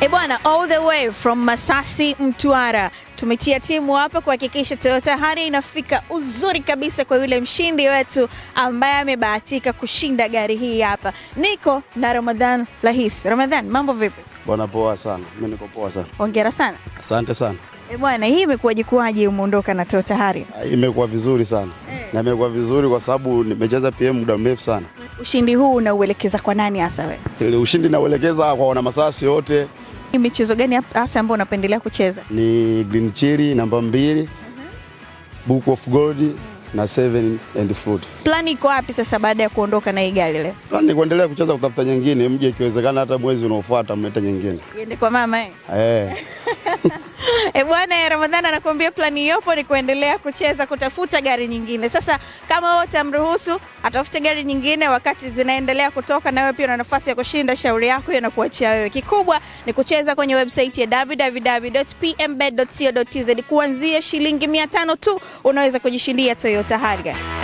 ebwana eh, all the way from Masasi Mtwara, tumetia timu hapa kuhakikisha Toyota Hari inafika uzuri kabisa kwa yule mshindi wetu ambaye amebahatika kushinda gari hii hapa. Niko na Ramadhan Lahis. Ramadhan, mambo vipi? Bwana poa sana. Mimi niko poa sana. Hongera sana. Asante sana. Ebwana, eh, hii imekuwa kuwaje umeondoka na Toyota Hari? Ah, imekuwa vizuri sana. Hey. Eh. Na imekuwa vizuri kwa sababu nimecheza PM muda mrefu sana. Ushindi huu unauelekeza kwa nani hasa wewe? Ushindi nauelekeza kwa wanamasasi wote. Ni michezo gani hasa ambayo unapendelea kucheza? Ni green chili namba mbili, uh Book of Gold na seven and Foot. Plani iko wapi sasa baada ya kuondoka na hii gari leo? Plani kuendelea kucheza kutafuta nyingine, mje ikiwezekana hata mwezi unaofuata mmeta nyingine. Iende kwa mama eh? Eh. E bwana, Ramadhani anakuambia plani iliyopo ni kuendelea kucheza kutafuta gari nyingine. Sasa kama wewe utamruhusu atafute gari nyingine wakati zinaendelea kutoka, na wewe pia una nafasi ya kushinda. Shauri yako hiyo, nakuachia wewe. Kikubwa ni kucheza kwenye website ya www.pmbet.co.tz kuanzia shilingi mia tu unaweza kujishindia Toyota Harrier.